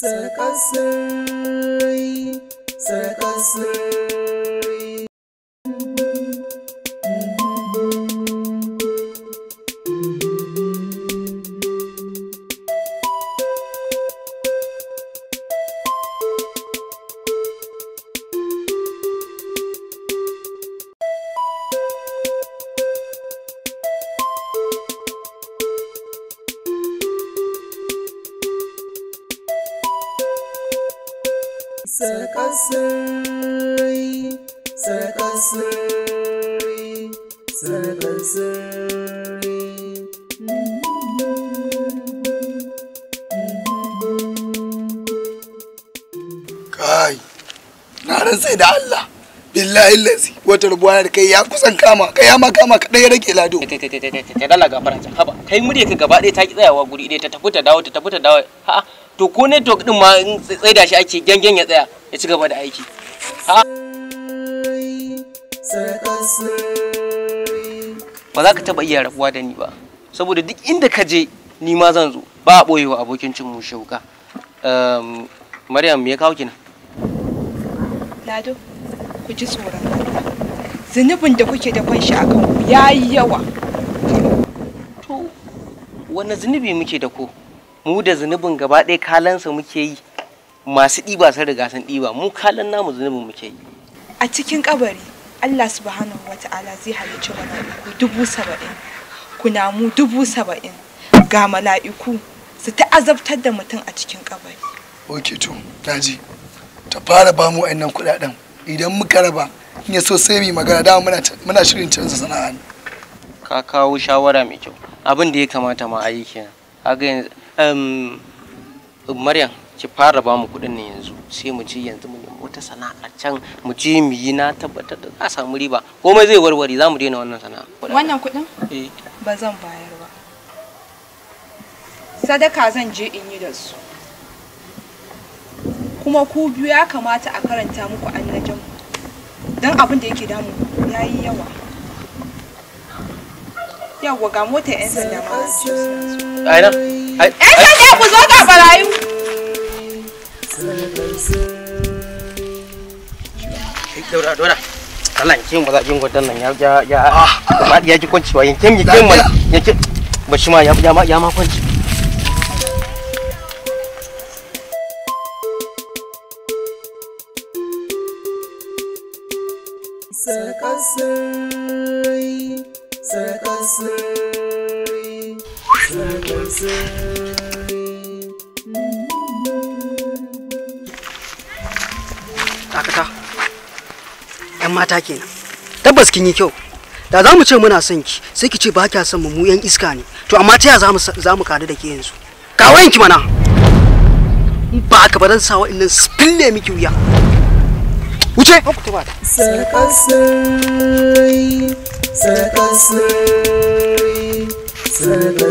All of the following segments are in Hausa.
Sarkasin rai, sarkasin Sarkar sirri, sarkar sirri, sarkar sirri. Kai, na rantsai da Allah. billahi lazi wata rubuwa da kai ya kusan kama kai ya ma kama kadai ya rage lado ta dala ga ta haba kai murya ka gaba ɗaya ta ki tsayawa guri ɗaya ta tafi ta dawo ta tafi ta dawo ha to ko ne to din ma in tsai da shi ake gangan ya tsaya ya ci gaba da aiki ha ba za ka taba iya rabuwa da ni ba saboda duk inda ka je ni ma zan zo ba a ɓoyewa abokin cin mu shauka ehm, maryam me ya kawo kina lado ku ji tsoron zinubin da kuke da shi a ku ya yi yawa to wani zunubi muke da ku? mu da zunubin gaba ɗaya kalansa muke yi masu ɗiba sun riga sun ɗiba mu kalan namu zunubin muke yi a cikin kabari Allah subhanahu wa ta'ala zai halicci ku dubu saba'in kunamu dubu saba'in ga mala'iku su ta azabtar da mutum a cikin kabari. Ok to, naji, ta fara ba mu kuɗaɗen idan muka raba in ya so sai mu magana da muna shirin canza sana'a ka kawo shawara mai kyau abin da ya kamata ma a yi kenan kaga yanzu maryam ki fara ba mu kuɗin nan yanzu sai mu ci yanzu mu nemi wata sana'a can mu ci mu yi na tabbatar da za samu riba komai zai warware za mu daina wannan sana'a wannan kuɗin eh. ba zan bayar ba sadaka zan je in yi da su kuma ku biyu ya kamata a karanta muku annajan don abin da yake damu ya yi yawa yawa ga mota 'yan sanda ma aina 'yan sanda ku zo ga barayu Daura, daura. Allah yankin ba za yin gwadon nan ya ya ya ya ji kwanci ba yankin yankin ma yankin ba shi ma ya ma ya ma kwanci. sirri dakata yan mata kenan tabbas kin yi kyau da za mu ce muna son ki sai ki ce ba kya son mu yan iska ne to amma ta ya za mu kadu da ke yanzu kawayen ki mana ba ka baran sawa innan spille miki wuya wuce sirri sadakan sirri sirri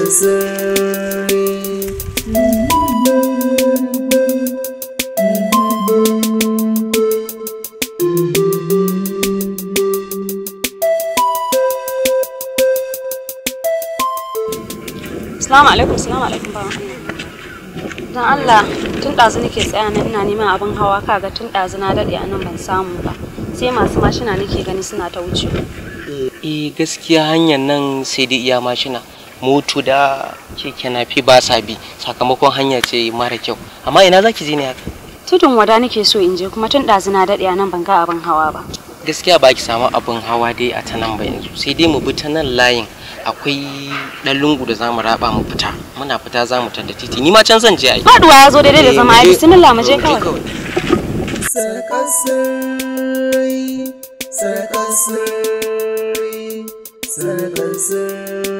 Salamu alaikum, salamu alaikum ba Don Allah tun ɗazu nake tsaya nan ina neman abin hawa kaga tun ɗazu na daɗe a nan ban samu ba. Sai masu mashina nake gani suna ta wucewa. E, gaskiya hanyar nan sai dai iya mashina moto da keke nafi ba sa bi sakamakon hanya ce mara kyau amma ina zaki je ne haka tudun wada nake so in je kuma tun dazina daɗe a nan ban ga abin hawa ba gaskiya ba ki samu abin hawa dai a ta nan ba yanzu sai dai mu bi ta nan layin akwai ɗan lungu da zamu raba mu fita muna fita zamu tada titi ni ma can zan je ai faduwa ya zo daidai da zama ai eh, bismillah mu je kawai sakasai sakasai 自等自。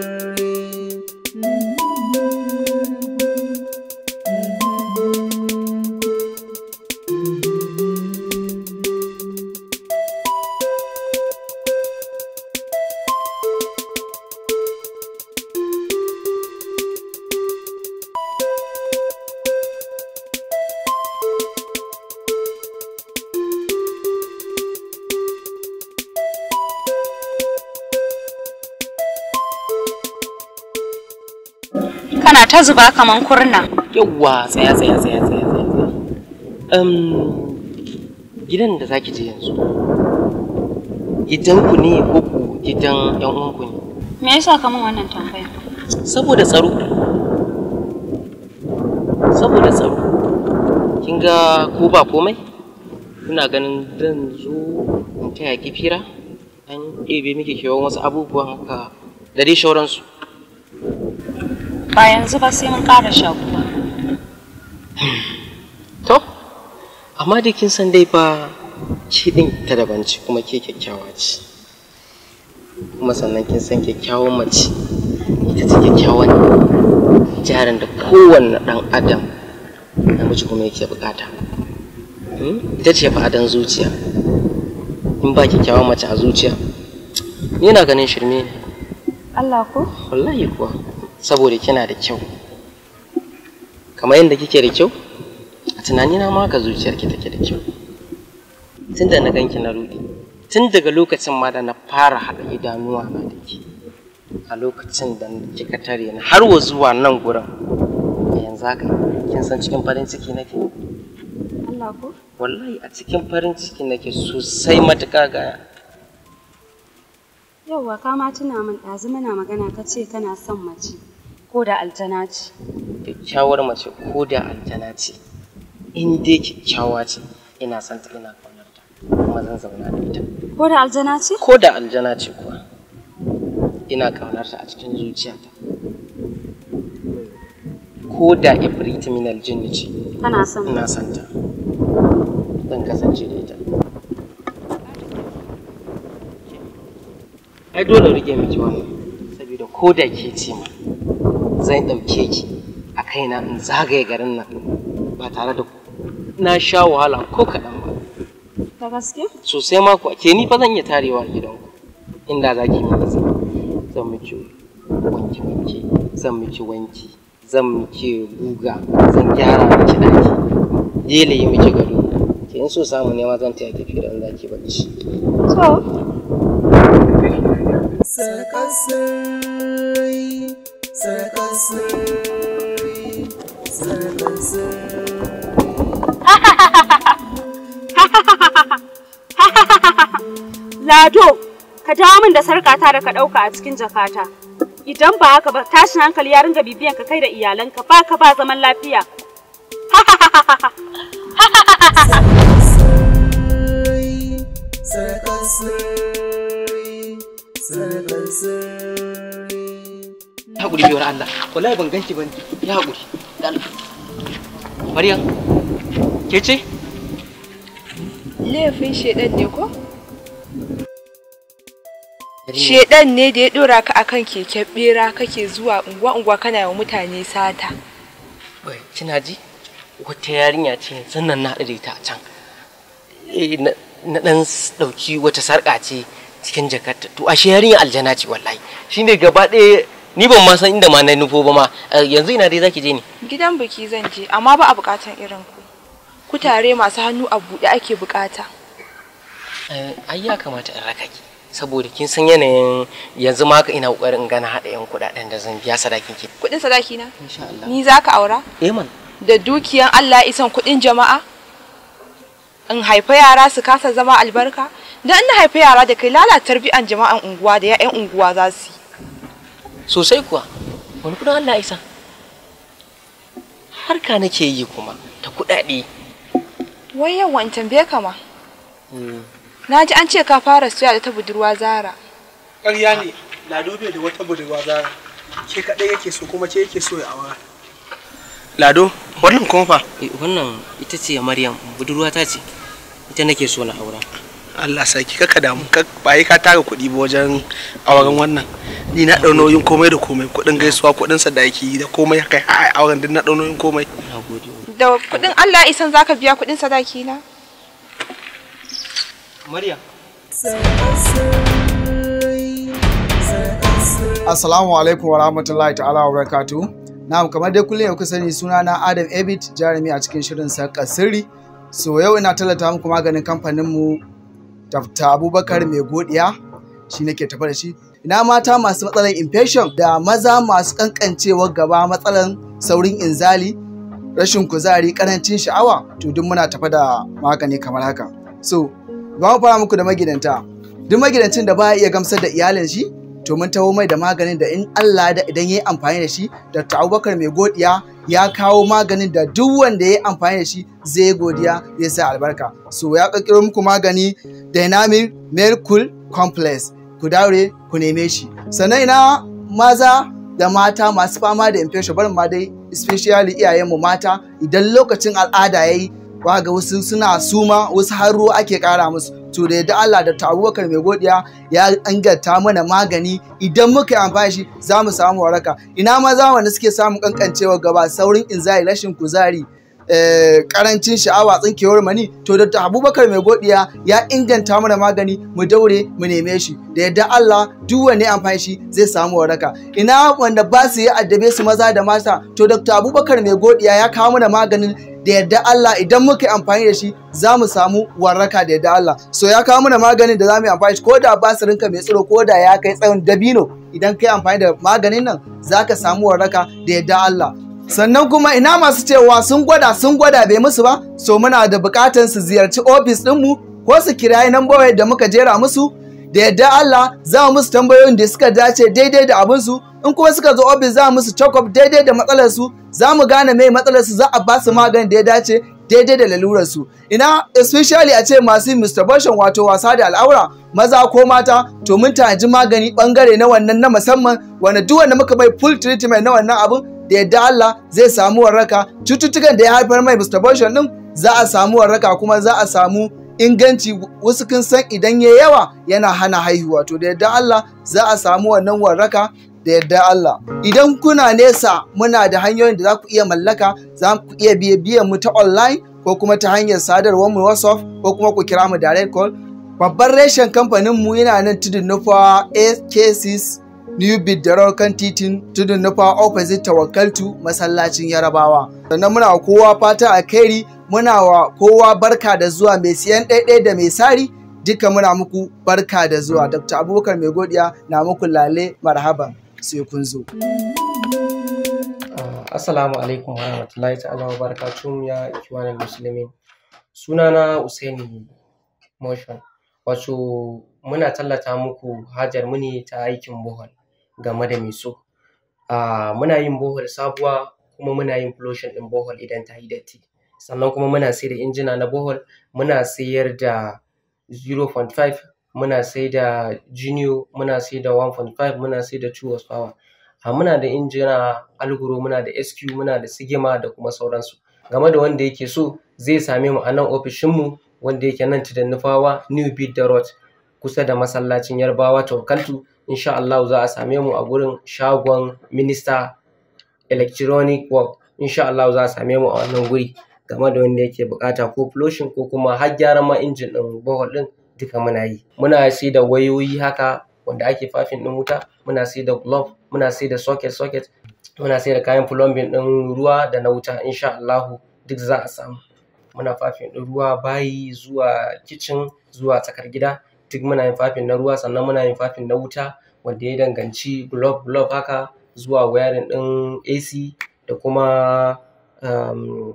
kana ta zuba kaman kurna yawwa tsaya tsaya tsaya tsaya tsaya um gidan da zaki je yanzu gidan ku ne ko ku gidan yan uwanku ne me yasa kaman wannan tambaya saboda tsaro saboda tsaro kin ga ko ba komai kuna ganin zan zo in taya ki fira an ɗebe miki kewan wasu abubuwan haka da dai shauransu ba yanzu ba sai mun ƙara shakuwa to amma da kin san dai ba shi din ta daban ce kuma ke kyakkyawa ce kuma sannan kin san kyakkyawan mace ita ce kyakkyawan jarin da kowanne ɗan adam namiji kuma yake bukata hmm? ita ce fa'adan zuciya in ba kyakkyawan mace a zuciya ni na ganin shirme ne Allah ko wallahi kuwa saboda kina da kyau kamar yadda kike da kyau a tunanina ma ka zuciyar ki take da kyau tun da na ganki na ruɗe tun daga lokacin ma da na fara haɗa idanuwa na da ke a lokacin da kika tare ni har wa zuwa nan gurin yanzu haka kin san cikin farin ciki nake Allah ko wallahi a cikin farin ciki nake sosai matuƙa gaya Yauwa ka ma tuna min ɗazu muna magana ka ce kana son mace ko da aljana ce. Kyakkyawar mace ko da aljana ce. In dai kyakkyawa ce ina son ta ina kaunar ta kuma zan zauna da ita. Ko da aljana ce? Ko da aljana ce kuwa. Ina kaunar ta a cikin zuciyata. Ko da ibrit min aljinni ce. Kana son ta? Ina son ta. Zan kasance da ita. ai dole rike miki wannan saboda ko da ke ce ma zan ɗauke ki a kaina in zagaye garin nan ba tare da na sha wahala ko kaɗan ba. Ta gaske? Sosai ma ku ke ni fa zan iya tarewa gidan ku inda za ki mini zama. Zan miki wanki wanki, zan miki wanki, zan miki guga, zan gyara miki ɗaki, yele yi miki gado. Ke in so samu ne zan taya ki da in za bacci. To. Sarkasai, sarkasai, sarkasai. Lado, ka dawo min da sarƙata da ka ɗauka a cikin jakata. Idan ba haka ba tashin hankali ya ringa bibiyan ka kai da iyalanka ba ka ba zaman lafiya. Sarkasai, sarkasai. sanar haƙuri biyar Allah wallahi ban ganki ban ya haƙuri Maryam ke ce laifin shedan ne ko shedan ne da ya ɗora ka akan keken bera kake zuwa unguwa unguwa kana yawa mutane sata bai kina ji wata yarinya ce sannan na haɗu da ita a can eh, na ɗan ɗauki wata sarƙa ce cikin jakarta to ashe yarinya aljana ce wallahi shine gaba ɗaya ni ban ma san inda ma na nufo ba ma eh, yanzu ina dai zaki je ne gidan biki zan je amma ba a bukatan irin ku ku tare masu hannu a buɗe ake bukata eh, ai ya kamata in raka ki saboda kin san yanayin yanzu ma ka ina kokarin gana hada yan kudaden da zan biya sadakin ki kudin sadaki na insha Allah ni zaka aura eh man da dukiyan Allah isan kudin jama'a in haifa yara su kasa zama albarka da an haifi yara da kai lalatar bi'an jama'an unguwa da ya'yan unguwa za su yi sosai kuwa wani kudin Allah isa harka nake yi kuma ta kudade wai yawa in tambaye ka ma hmm. na ji an ce ka fara suya da ta budurwa zara ƙarya ne lado bai da wata budurwa zara ke kaɗai yake so kuma ke yake so ya awa lado wannan kuma fa eh, wannan ita ce maryam budurwa ta ce ita nake so na aura Allah sarki kaka damu ba ka tara kuɗi ba wajen auren wannan ni na ɗau nauyin komai da komai kuɗin gaisuwa kuɗin sadaki da komai kai a auren din na ɗau nauyin komai da kuɗin Allah isan zaka biya kuɗin sadaki na Maria Assalamu alaikum wa rahmatullahi ta'ala wa barakatuh na kamar dai kullum yau sani suna na Adam Ebit jarumi a cikin shirin sarƙa sirri so yau ina tallata muku maganin kamfaninmu tafta abubakar mai godiya shi nake tafa da shi ina mata masu matsalar infection da maza masu kankancewar gaba matsalar saurin inzali rashin kuzari karancin sha'awa to duk muna tafa da magani kamar haka so ba mu fara muku da magidanta duk magidancin da ba iya gamsar da iyalin shi to mun taho mai da maganin da in Allah da idan yayi amfani da shi da Abubakar mai godiya ya kawo maganin da duk wanda yayi amfani da shi zai godiya ya sa albarka so ya kakkiro muku magani dynamic mercul complex ku daure ku neme shi sannan ina maza da mata masu fama da infection barin ma dai especially iyayenmu mata idan lokacin al'ada yayi ga wasu suna suma wasu har ruwa ake kara musu to da Allah da abubakar mai godiya ya angata mana magani idan muka yi amfani shi za mu samu waraka ina ma zamanin suke samun kankancewa gaba saurin inzai rashin kuzari Eh, karancin sha'awa tsinkewar mani to dr abubakar mai godiya ya inganta mana magani mu daure mu neme shi da yadda allah duk wani amfani shi zai samu waraka ina wanda ba su yi addabe su maza da mata to dr abubakar mai godiya ya kawo mana maganin da yadda Allah idan muka yi amfani da shi za mu samu waraka. da yadda Allah so ya kawo mana maganin da za mu yi amfani ko da rinka mai tsiro ko da ya kai tsayin dabino idan ka yi amfani da maganin nan za ka samu waraka. da yadda Allah sannan kuma ina masu cewa sun gwada sun gwada bai musu ba so muna da bukatan su ziyarci ofis mu? ko su kirayi nan bawai da muka jera musu da yadda Allah za mu musu tambayoyin da suka dace daidai da abin su in kuma suka zo ofis za mu musu check daidai da matsalar su za mu gane mai matsalar su za a ba su magani da ya dace daidai da lalurar su ina especially a ce masu masturbation wato wasa da al'aura maza ko mata to mun taji magani bangare na wannan na musamman wanda duk wanda muka bai full treatment na wannan abin da yadda Allah zai samu warraka cututtukan da ya haifar mai masturbation din za a samu warraka kuma za a samu inganci wasu kun san idan ya yawa yana hana haihuwa to da yadda Allah za a samu wannan warraka da yadda Allah idan kuna nesa muna da hanyoyin da za ku iya mallaka za ku iya biye biyan mu ta online ko kuma ta hanyar sadarwar mu WhatsApp ko kuma ku kira mu direct call babban reshen kamfanin mu yana nan tudun nufa AKCs new bit da raukan titin tudun nufa opposite tawakkaltu masallacin yarabawa sannan muna kowa fata a kairi muna wa kowa barka da zuwa mai siyan ɗaiɗai da mai sari duka muna muku barka da zuwa dr abubakar mai godiya na muku lale marhaban sai kun zo ah, assalamu alaikum wa rahmatullahi ta'ala wa barakatuhu ya ikiwanin musulmin sunana usaini motion wato muna tallata muku hajar mu ne ta aikin bohol game da mai so. Ah muna yin borehole sabuwa kuma muna yin flushing din borehole idan ta yi datti. Sannan kuma muna saida injina na borehole, muna sayar da zero muna five, muna genio muna saida da 1.5 muna muna da 2 horsepower. Ah muna da injina Alguro, muna da SQ, muna da Sigma da kuma sauransu. Game da wanda yake so zai same mu a nan mu wanda yake nan nufawa New Bidda road kusa da masallacin Yarbawa Tawakaltu. insha Allah za a same mu a gurin shagon minista electronic work insha Allah za a same mu a wannan guri game da wanda yake bukata ko flushing ko kuma har gyaran ma injin din bohol din duka muna yi muna sai da wayoyi haka wanda ake fafin din wuta muna sai da glove muna sai da socket socket muna sai da kayan plumbing din ruwa da na wuta insha Allah duk za a samu muna fafin din ruwa bayi zuwa kitchen zuwa tsakar gida duk muna yin fafin na ruwa sannan muna yin fafin na wuta wanda ya danganci glob glob haka zuwa wayarin ɗin AC da kuma um,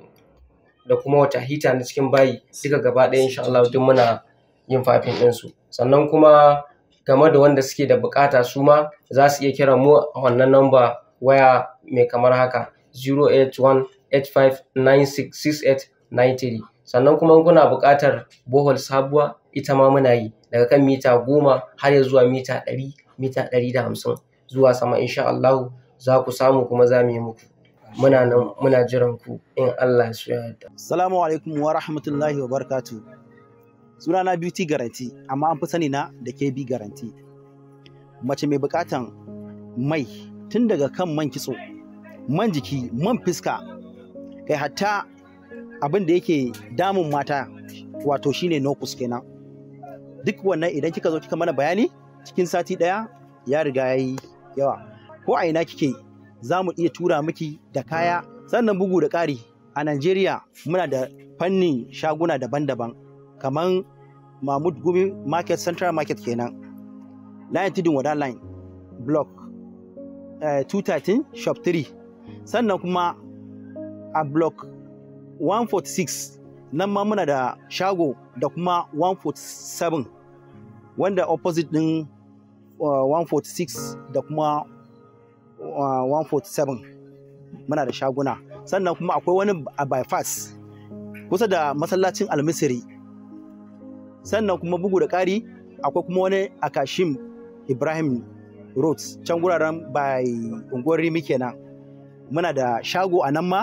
da kuma wata hita na cikin bayi duka gaba ɗaya insha Allah duk muna yin fafin ɗinsu sannan kuma game da wanda suke da bukata su ma za su iya kiran mu a wannan namba waya mai kamar haka 081 8596 sannan kuma kuna buƙatar bohol sabuwa ita ma muna yi daga kan mita goma har ya zuwa mita ɗari mita ɗari da hamsin zuwa sama insha Allah za ku samu kuma za mu yi muku muna nan muna jiran ku in Allah ya yadda. assalamu alaikum wa rahmatullahi wa barakatuh sunana beauty guarantee amma an fi sani na da KB guarantee mace mai buƙatan mai tun daga kan man kitso man jiki man fiska kai hatta abin da yake damun mata wato shine nokus kenan duk wannan idan kika zo kika mana bayani cikin sati ɗaya ya riga ya yi yawa ko a ina kike za mu iya tura miki da kaya sannan bugu da ƙari a Najeriya muna da fannin shaguna daban-daban kamar Mahmud Gumi Market Central Market kenan Lion Tudun Wada Line Block 213 eh, Shop 3 sannan kuma a Block 146 nan ma muna da shago da kuma 147 wanda opposite din uh, 146 da kuma uh, 147 muna da shaguna sannan kuma akwai wani a bypass kusa da masallacin almisiri sannan kuma bugu da ƙari akwai kuma wani a kashim ibrahim roads can guraren by unguwar rimi kenan muna da shago a nan ma